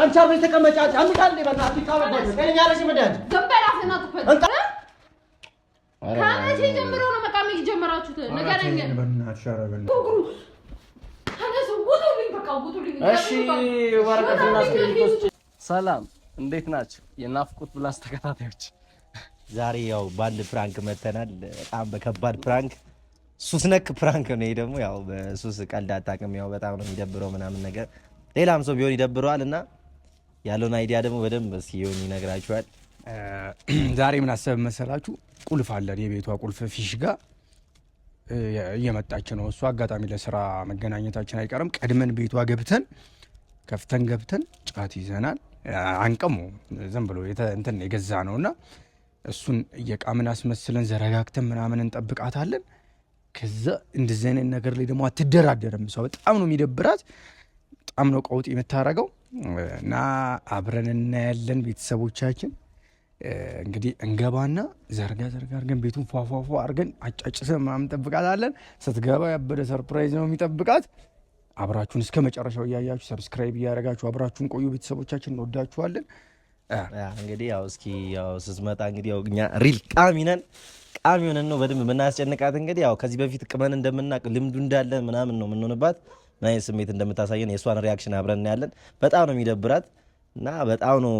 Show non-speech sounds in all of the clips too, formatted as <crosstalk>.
አንቺ አብረሽ ተቀመጪ። ከመቼ ጀምሮ ነው መቃም የጀመራችሁት? ንገረኝ። ሰላም እንዴት ናቸው? የናፍቁት ብላስ ተከታታዮች ዛሬ ያው በአንድ ፕራንክ መተናል። በጣም በከባድ ፕራንክ፣ ሱስ ነክ ፕራንክ ነው ደግሞ ያው በሱስ ቀልድ አታውቅም። ያው በጣም ነው የሚደብረው ምናምን ነገር ሌላም ሰው ቢሆን ይደብረዋል እና ያለውን አይዲያ ደግሞ በደንብ እስኪ ይነግራችኋል። <clears throat> ዛሬ ምን አሰብ መሰላችሁ? ቁልፍ አለን የቤቷ ቁልፍ ፊሽ ጋር እየመጣች ነው። እሱ አጋጣሚ ለስራ መገናኘታችን አይቀርም። ቀድመን ቤቷ ገብተን ከፍተን ገብተን ጫት ይዘናል። አንቀሙ ዝም ብሎ እንትን የገዛ ነው እና እሱን እየቃምን አስመስለን ዘረጋግተን ምናምን እንጠብቃታለን። ከዛ እንደዚህ አይነት ነገር ላይ ደግሞ አትደራደርም። ሰው በጣም ነው የሚደብራት በጣም ነው ቀውጥ የምታረገው እና አብረን እናያለን። ቤተሰቦቻችን እንግዲህ እንገባና ዘርጋ ዘርጋ አርገን ቤቱን ፏፏፏ አርገን አጫጭሰን ምናምን ጠብቃታለን። ስትገባ ያበደ ሰርፕራይዝ ነው የሚጠብቃት። አብራችሁን እስከ መጨረሻው እያያችሁ ሰብስክራይብ እያደረጋችሁ አብራችሁን ቆዩ። ቤተሰቦቻችን እንወዳችኋለን። እንግዲህ ያው እስኪ ያው ስትመጣ እንግዲህ ያው እኛ ሪል ቃሚ ነን ቃሚ ሆነን ነው በደንብ የምናስጨንቃት። እንግዲህ ያው ከዚህ በፊት ቅመን እንደምናቅ ልምዱ እንዳለ ምናምን ነው የምንሆንባት ምን አይነት ስሜት እንደምታሳየን የእሷን ሪያክሽን አብረን እናያለን። በጣም ነው የሚደብራት እና በጣም ነው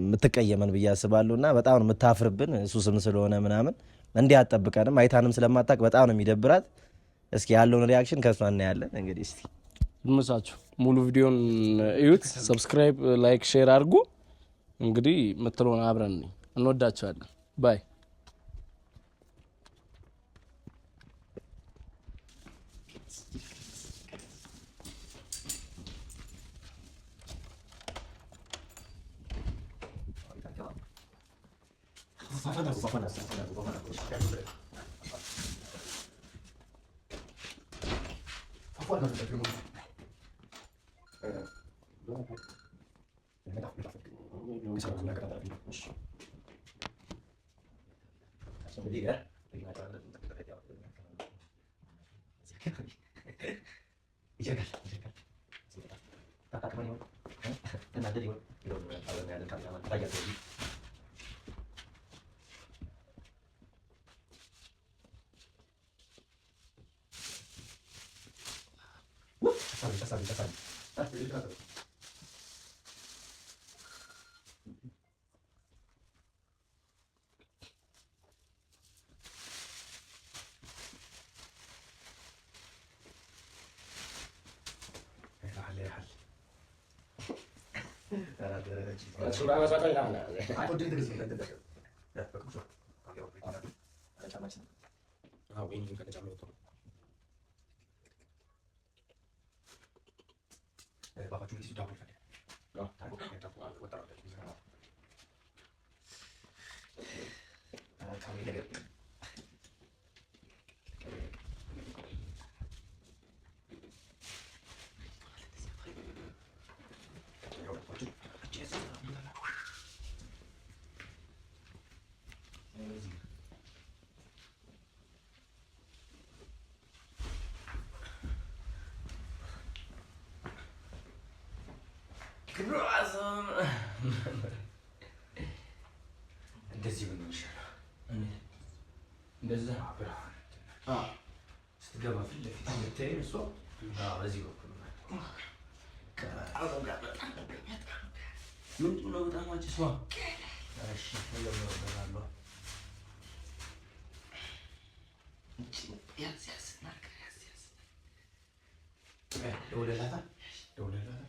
የምትቀየመን ብዬ አስባለሁ። እና በጣም ነው የምታፍርብን እሱ ስም ስለሆነ ምናምን እንዲህ አጠብቀንም አይታንም ስለማታቅ በጣም ነው የሚደብራት። እስኪ ያለውን ሪያክሽን ከእሷ እናያለን። እንግዲህ እስኪ ይመሳችሁ፣ ሙሉ ቪዲዮን እዩት። ሰብስክራይብ፣ ላይክ፣ ሼር አድርጉ። እንግዲህ ምትለሆነ አብረን እንወዳቸዋለን ባይ Kafanako kafanako kafanako kafanako. Kafanako kafanako. চাবি চাবি চাবি لا لا እንደዚህ ምን ይሻላል? እንደዚህ ብርሃን ስትገባ ፊት ለፊት የምታየኝ እሷ በዚህ በኩል ምንድን ነው በጣም አጭሷ። ደውለላታ ደውለላታ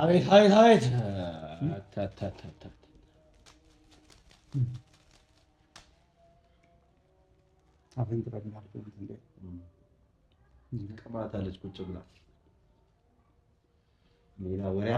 አቤት አቤት አቤት! ቅማታለች ቁጭ ብላ ሌላ ወሬ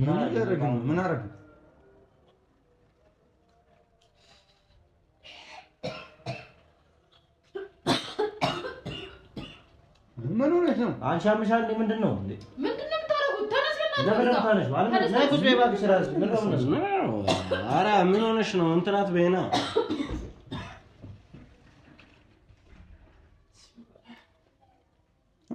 ምን እያደረግን ነው? ምን አደረግን? ምን ሆነሽ ነው? አንሻምሻል ምንድን ነው? ምንድን ነው የምታደርጉት? ምን ሆነሽ ነው? እንትን አትበይና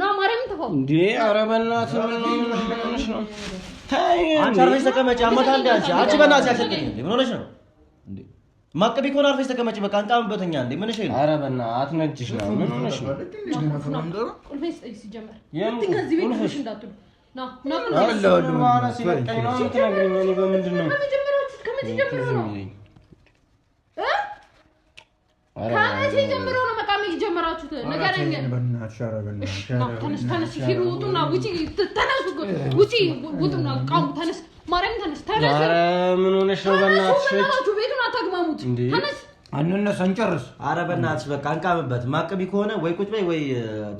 ና ማርያም ተፈው እንዴ! ኧረ በእናትህ ምን ነው? ምን ነው? አንቺ አርፈሽ ተቀመጪ። አንቺ አንቺ በእናትሽ ምን ሆነሽ ነው እንዴ? ማቀቢ ከሆነ አርፈሽ ተቀመጪ። በቃ አንቃም በተኛ እንዴ! ምን ኧረ በእናትህ አትነጅሽ ነው። ምን ሆነሽ ከዚህ ቤት እንዳትሉ ና ና ነው ነው ነው? ከመቼ ጀምሮ ነው ነው የጀመራችሁት? ንገረኝ። ተነስ ተነስ፣ ሂዱ፣ ውጡና እንጨርስ። አረ በእናትሽ በቃ አንቃምበት። ማቅቢ ከሆነ ወይ ቁጭ በይ ወይ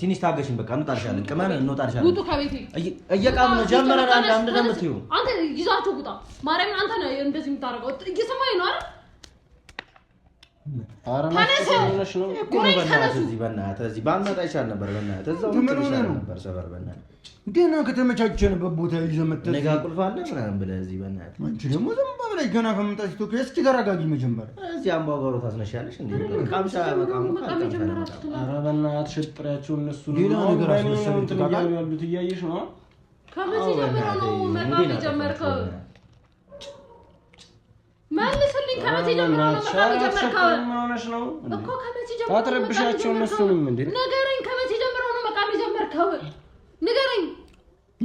ትንሽ ታገሽን። በቃ እንወጣልሻለን፣ ቅመን እንወጣልሻለን። ውጡ ከቤቴ እየቃም ነው ጀመረ። አንተ ይዛችሁ ውጣ። ማርያምን አንተ ነው እንደዚህ የምታደርገው። እየሰማኸኝ ነው አይደል? ገና ከተመቻቸንበት ቦታ ይዘህ መተህ ነጋ ቁልፍ አለ ምናምን ብለህ እዚህ በእናትህ አንቺ ደግሞ ዝም ብለህ ገና ከመምጣት ሲቶ እስኪ ተረጋጊ። መጀመሪያ እዚህ አምባጓሮ ታስነሻለሽ እንዴ? ቃምሻ በቃም ኧረ በእናትሽ ጥሪያቸው እነሱ ነገር ያሉት እያየሽ ነው። ከመቼ ጀምሮ ነው መግባት የጀመርከው? መልሱልኝ። ከመቼ ጀምሮ ነው ነው መቃም የጀመርከው? ንገረኝ።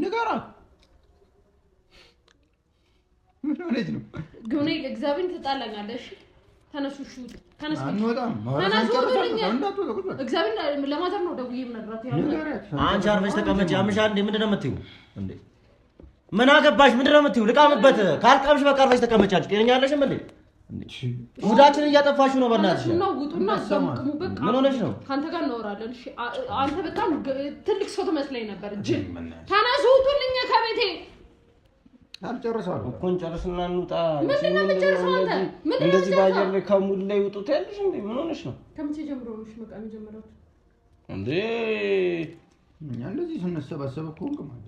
ንገራ ምን ማለት ነው? ግኔ እግዚአብሔር ትጣላኛለሽ። ተነሱ፣ እግዚአብሔር ለማዘር ነው ደውዬ አንቺ አርፈሽ ተቀመጪ። ያምሻል እንዴ? ምንድን ነው የምትይው እንዴ? ምን አገባሽ? ምንድን ነው የምትይው? ልቃምበት። ካልቃምሽ በቃ አርፈሽ ተቀመጫለሽ። ጤነኛ አለሽም እንዴ? ውዳችን እያጠፋሽ ነው። በእናትሽ ውጡና ምን ሆነሽ ነው? ከአንተ ጋር እናወራለን። አንተ በጣም ትልቅ ሰው ትመስለኝ ነበር። ጅል ተነሱ፣ ውጡልኝ ከቤቴ አልጨርሰዋል እኮ እንጨርስና እንውጣ። ምንድን ነው የምንጨርሰው? አንተ እንደዚህ በአየር ላይ ከሙሉ ላይ ውጡ ትያለሽ እንዴ? ምን ሆነሽ ነው? ከምቼ ጀምሮ ነሽ መቃም ጀምራት እንዴ? እኛ እንደዚህ ስንሰባሰብ እኮ እንቅማለን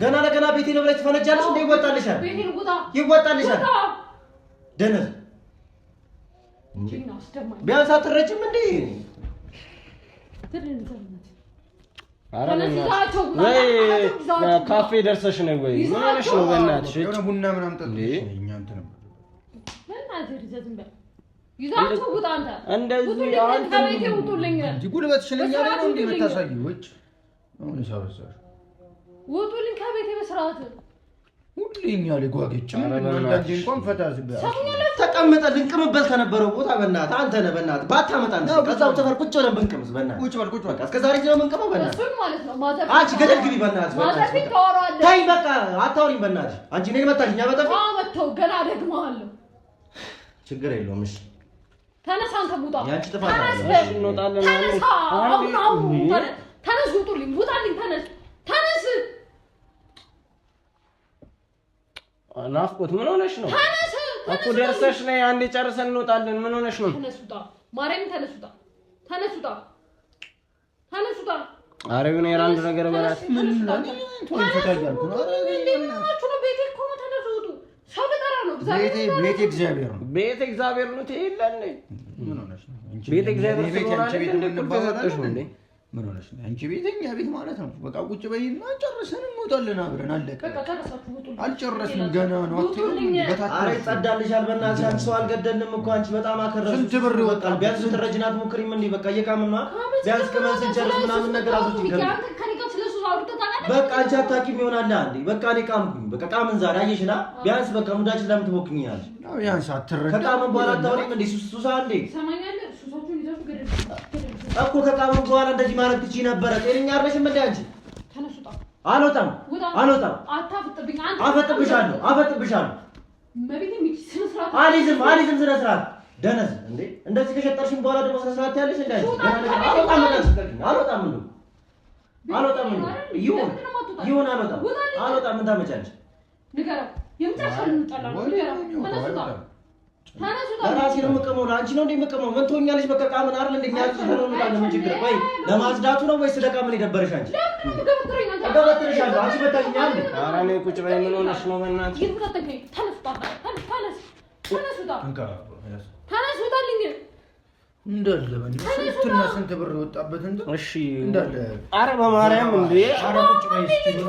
ገና ለገና ቤቴ ነው ብለሽ ትፈነጃለሽ እንዴ? ይወጣልሻል፣ ይወጣልሻል። ደነዝ ቢያንስ አትረጅም እንዴ? ካፌ ደርሰሽ ነው ወይ? ምን ሆነሽ ነው? በእናትሽ ቡና ምናምን ጠጥተሽ እንደዚህ ውጡልኝ ከቤት በስርዓት። ሁሌ እኛ ላይ እንኳን ፈታ ተቀምጠን ልንቅምበት ከነበረው ቦታ በእናትህ አንተ ነህ። በእናትህ ባታመጣ ከዛው ሰፈር ቁጭ ብለን ብንቅምስ በእናትህ ቁጭ በል ቁጭ በል። እስከ ዛሬ ነው የምንቅመው በእናትህ አንቺ ገደል ግቢ በእናትህ ተይ በቃ አታውሪኝ በእናትህ አንቺ እኔን መታሽ እኛ በጠፍ መተው ገና ደግመዋለሁ። ችግር የለውም እሺ ተነሳ አንተ ቡጣ ያንቺ ጥፋት ነው። ተነስ ውጡልኝ፣ ውጣልኝ፣ ተነስ ናፍቆት ምን ሆነሽ ነው እኮ? ደርሰሽ ነይ፣ አንዴ ጨርሰን እንወጣለን። ምን ሆነሽ ነው? ተነሱታ፣ ማርያም ተነሱታ፣ ተነሱታ፣ ተነሱታ። ኧረ ይሁን አንድ ነገር በላት። ምን ቤቴ እግዚአብሔር ነው። ምን ሆነሽ ነው? አንቺ ቤት እኛ ቤት ማለት ነው። በቃ ቁጭ በይና ጨርሰን እንወጣለን አብረን። አለቀ። አልጨረስንም ገና ነው። ኧረ ይጸዳልሻል። በእናትሽ አንቺ ሰው አልገደልንም እኮ አንቺ በጣም አከረሽ። ስንት ብር ይወጣል? ቢያንስ ትረጅናት ሞክሪም። እንዲህ በቃ እየቃምና ቢያንስ ቅመን ስንጨርስ ምናምን ነገር አዙት ይገባል። በቃ አንቺ አታውቂም ይሆናል። አንዴ በቃ እኔ ቃምኩኝ። በቃ ቃምን ዛሬ አየሽና፣ ቢያንስ በቃ ሙዳችን ለምን ትሞክኛለሽ? ቢያንስ አትረዳ ከቃምን በኋላ አታወሪም እንዴ ሱሳ እንዴ እኮ ከጣሙን በኋላ እንደዚህ ማድረግ ትችይ ነበረ። ጤነኛ አይደለሽም እንዴ አንቺ? አልወጣም፣ አልወጣም። አፈጥብሻለሁ፣ አፈጥብሻለሁ። አልይዝም፣ አልይዝም። ስነ ስርዓት ደነዝ እንዴ! እንደዚህ ከሸጠርሽም በኋላ ደግሞ ስነ ስርዓት ያለሽ እንዴ? አልወጣም፣ አልወጣም። ይሁን፣ ይሁን። አልወጣም፣ አልወጣም። ምን ታመጫለሽ? ንገረው። የምታሻል እንጣላ ነው። ለራሴ ነው አንቺ ነው እንደምቀመው የምቀመው። ምን ትሆኛለሽ? በቃ ዕቃ ምን አይደል እንደኛ ነው እንላለን። ምን ችግር ወይ ለማጽዳቱ ነው ወይስ ለዕቃ ምን የደበረሽ አንቺ? አንቺ በታኛል። ቁጭ በይ። ምን ሆነሽ ነው? እንዳለ ስንትና ስንት ብር ወጣበት። እንዳለ በማርያም እንዴ! ቁጭ በይ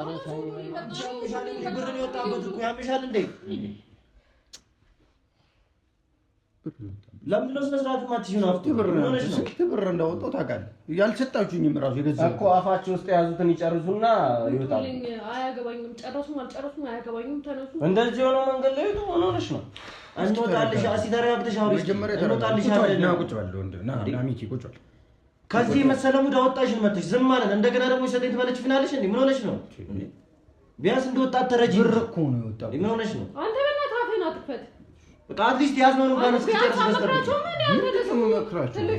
ብርን ብር እንዳወጣሁ ታውቃለህ? ያልሰጣችሁኝም እራሱ የገዛ እኮ አፋቸው ውስጥ የያዙትን ይጨርሱና ይወጣሉ። እንደዚህ የሆነው መንገድ ላይ ምን ሆነሽ ነው? እንወጣልሽ። አሲዳሪ ሀብተሽ አውሪ። መጀመሪያ ቁጭ በል፣ ና ሚኪ፣ ቁጭ በል ከዚህ የመሰለ ሙድ አወጣሽን መጥተሽ ዝም ማለት እንደገና ደግሞ ይሰጠኝ ትመለች ፊናለሽ እንዴ? ምን ሆነሽ ነው? ቢያንስ እንደ ወጣት ተረጂ። ብር እኮ ነው የወጣው። ምን ሆነሽ ነው አንተ? በእናትህ አፍህን አጥፈት። በቃ አትሊስት ያዝነው ነው ባነስ ከጨርስ መስጠት ትልቅ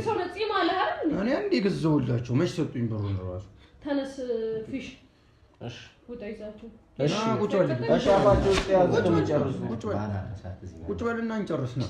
ሰው ነጽ ማለት አይደል? እኔ አንዴ ገዘውላቸው መች ሰጡኝ ነው ራሱ። ተነስ ፊሽ። እሺ ውጣ ይዛችሁ እሺ ቁጭ በል። እሺ አባችሁ ውስጥ ያዝ ነው ቁጭ በል እና እንጨርስ ነው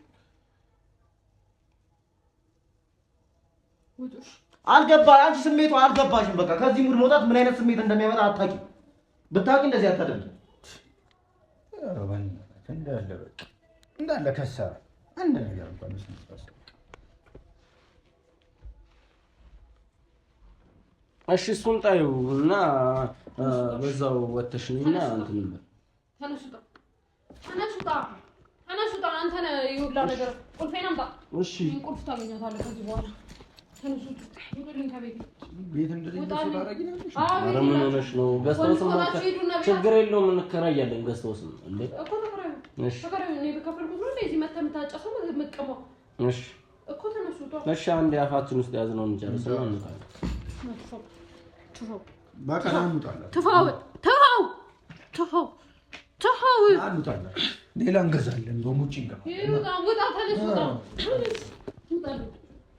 አልገባ አንቺ ስሜቱ አልገባሽም። በቃ ከዚህ ሙድ መውጣት ምን አይነት ስሜት እንደሚያመጣ አታቂ ብታቂ እንደዚህ አታደርግ። እንዳለ በቃ እንዳለ ከሰረ አንድ ነገር እንኳን እሺ እሱን ጣዩ እና በዛው ወተሽ ነውና እንትን ነበር። ተነሱ ተነሱ ተነሱ። አንተ ነው ይውላ ነገር ቁልፌን አምጣ። እሺ ቁልፍ ታገኛታለህ ከዚህ በኋላ ምን ሆነሽ ነው? ገዝተውስም ችግር የለውም እንከራያለን። ገዝተውስም እሺ፣ አንድ አፋችን ውስጥ ያዝነው እንጨርስ። ሌላ እንገዛለን።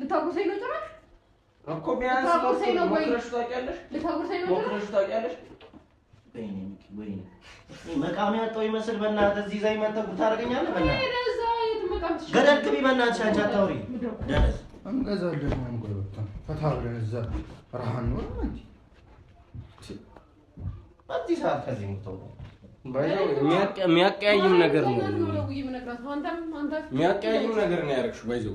ልታጎርሰኝ ነው ጭራሽ እኮ ቢያንስ ልታጎርሰኝ ነው ወይ? ልታጎርሰኝ ነው ጭራሽ መቃም ያጣው ይመስል በእናትህ እዚህ ይዘህ መተህ ጉድ ታደርገኛለህ። በእናትህ ገደል ግቢ በእናትሽ አንቺ አታውሪ። ደረስ እንገዛለን ፈታ ብለን እዛ ረሃ እንሆን እንጂ በዚህ ሰዓት ከዚህ የሚያቀያይም ነገር ነው። የሚያቀያይም ነገር ነው ያደረግሽው ባይዘው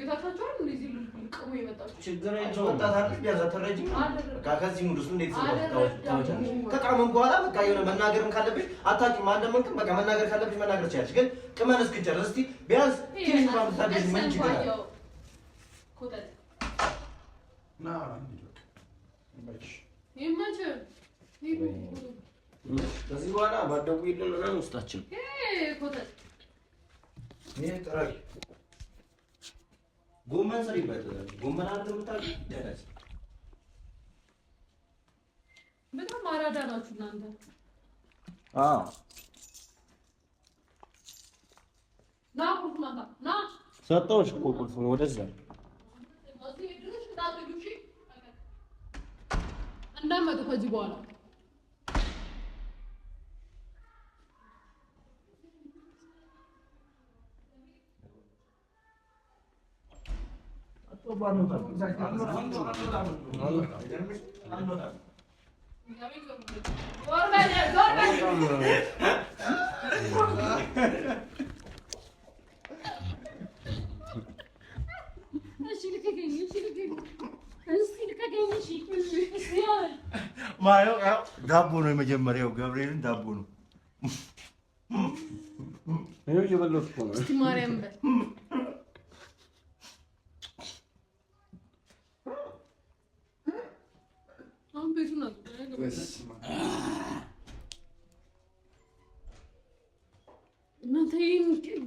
ቤታቸውን እንደዚህ ልልቀሙ የመጣችሁ በኋላ በቃ የሆነ መናገርም ካለብሽ አታውቂም። አንደምንክም በቃ መናገር ካለብሽ መናገር ትችያለሽ፣ ግን ቅመን እስክጨርስ እስኪ ቢያንስ ትንሽ ምናምን ምን ከዚህ በኋላ ባደጉ የለን ምናምን ውስጣችን ይሄ ጥራይ ጎመን ስሪበት። ጎመን አድርገህ የምታውቂው ደረሰ። በጣም አራዳ ናችሁ እናንተ። አዎ ና ና ሰጠሁሽ እኮ ቁልፉን ወደዛ እንዳትሄዱ እንዳትሄዱ እንዳትሄዱ እንዳትሄዱ እንዳትሄዱ Zor bence, zor bence. Mayo, dabuno መጀመሪያው ገብርኤልን ዳቦ ነው። እኔ ይበለጥኩ ነው። እስቲ ማርያም በል Ah. እናንተ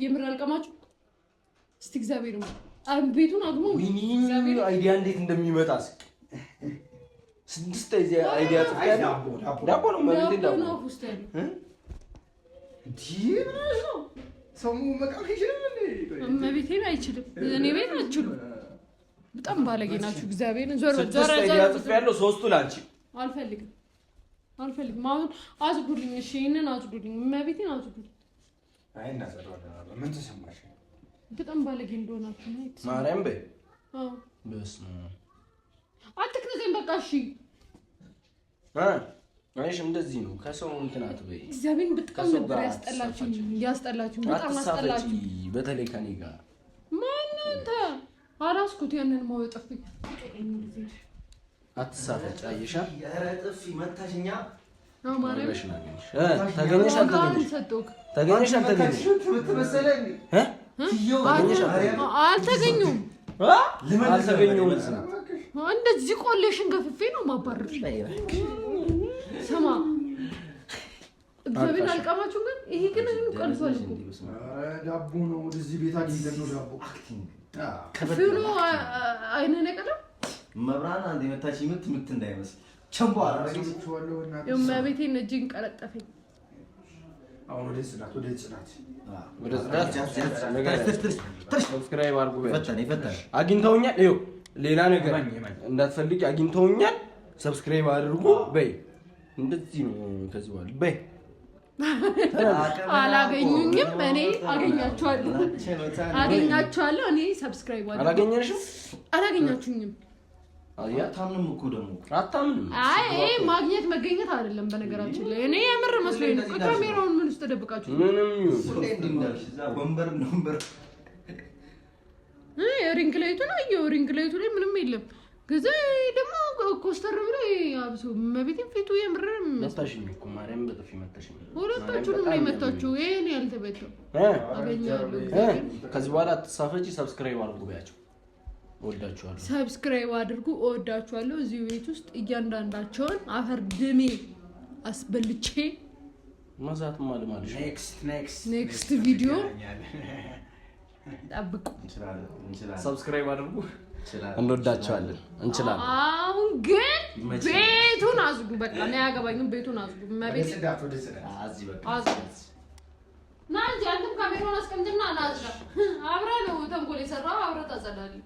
የምር አልቀማችሁ። እስቲ እግዚአብሔር ቤቱን አግሞ አይዲያ እንዴት እንደሚመጣ ስድስት አይዲያ ዳቦ ነው ሰሙ መቃም አይችልም። እኔ ቤት አችሉ። በጣም ባለጌ ናችሁ። እግዚአብሔር ዞር ዞር ያለው ሶስቱ ላንቺ አልፈልግም አልፈልግም። አሁን አጽዱልኝ፣ እሺ ይሄንን አጽዱልኝ፣ እመቤቴን አጽዱልኝ። አይ እናጸዳዋለን። ምን ተሰማሽ? በጣም ባለጌ እንደሆናችሁ ነው። ማርያም በይ። አዎ በስመ አብ አትክነዘኝ። በቃ እሺ እ አይሽ እንደዚህ ነው። ከሰው እንትን አትበይ። እግዚአብሔር በጣም ነበር ያስጠላችሁ፣ ያስጠላችሁኝ፣ በጣም አስጠላችሁኝ። በተለይ ከኔ ጋር ማን አንተ አራስኩት ያንን ማወጣፍኝ አትሳፈጭ። አየሻ ጥፊ መታሽኛ ተገኘሽ እንደዚህ ቆሌሽን ገፍፌ ነው የማባረርሽ። ስማ እግዚአብሔር አልቀማችሁም። ግን ይሄ ግን ቀልሷል ነው። ወደዚህ ቤት አይነ ነገር መብራን አንድ የመታች ምት ምት እንዳይመስል ቸንቦ እመቤቴን እጅን ቀለጠፈኝ። አግኝተውኛል። ሌላ ነገር እንዳትፈልጊ አግኝተውኛል። ሰብስክራይብ አድርጉ በይ። እንደዚህ ነው ከዚህ በኋላ በይ። አላገኙኝም፣ እኔ አገኛቸዋለሁ፣ አገኛቸዋለሁ። እኔ ሰብስክራይብ አላገኘሽም፣ አላገኛችሁኝም አታምንም እኮ ደግሞ አታምንም። አይ ማግኘት መገኘት አይደለም። በነገራችን ላይ እኔ የምር መስሎኝ ነው። ካሜራውን ምን ውስጥ ተደብቃችሁ ምንም ሪንግ ላይቱ ነው እየው ሪንግ ላይቱ ላይ ምንም የለም። ከዛ ደግሞ ኮስተር ብሎ አብሶ መቤቴን ፊቱ የምር መታሽኝ እኮ ማርያም፣ በጥፊ መታሽኝ። ሁለታችሁንም ነው የመታችሁ። ይሄን ያልተበተው አገኛለሁ። ከዚህ በኋላ አትሳፈጪ። ሰብስክራይብ አድርጉ በያቸው እወዳችኋለሁ። ሰብስክራይብ አድርጉ። እወዳችኋለሁ። እዚሁ ቤት ውስጥ እያንዳንዳቸውን አፈር ድሜ አስበልቼ መዛት ማልማል። ኔክስት ቪዲዮ ጠብቁ። ሰብስክራይብ አድርጉ። እንወዳቸዋለን። እንችላለን። አሁን ግን ቤቱን አዝጉ። በቃ እኔ አያገባኝም። ቤቱን አዝጉ። መቤት ና እንጂ አንተም ካሜራውን አስቀምጥና አብረህ ነው ተንኮል የሰራው አብረህ ታጸዳለህ።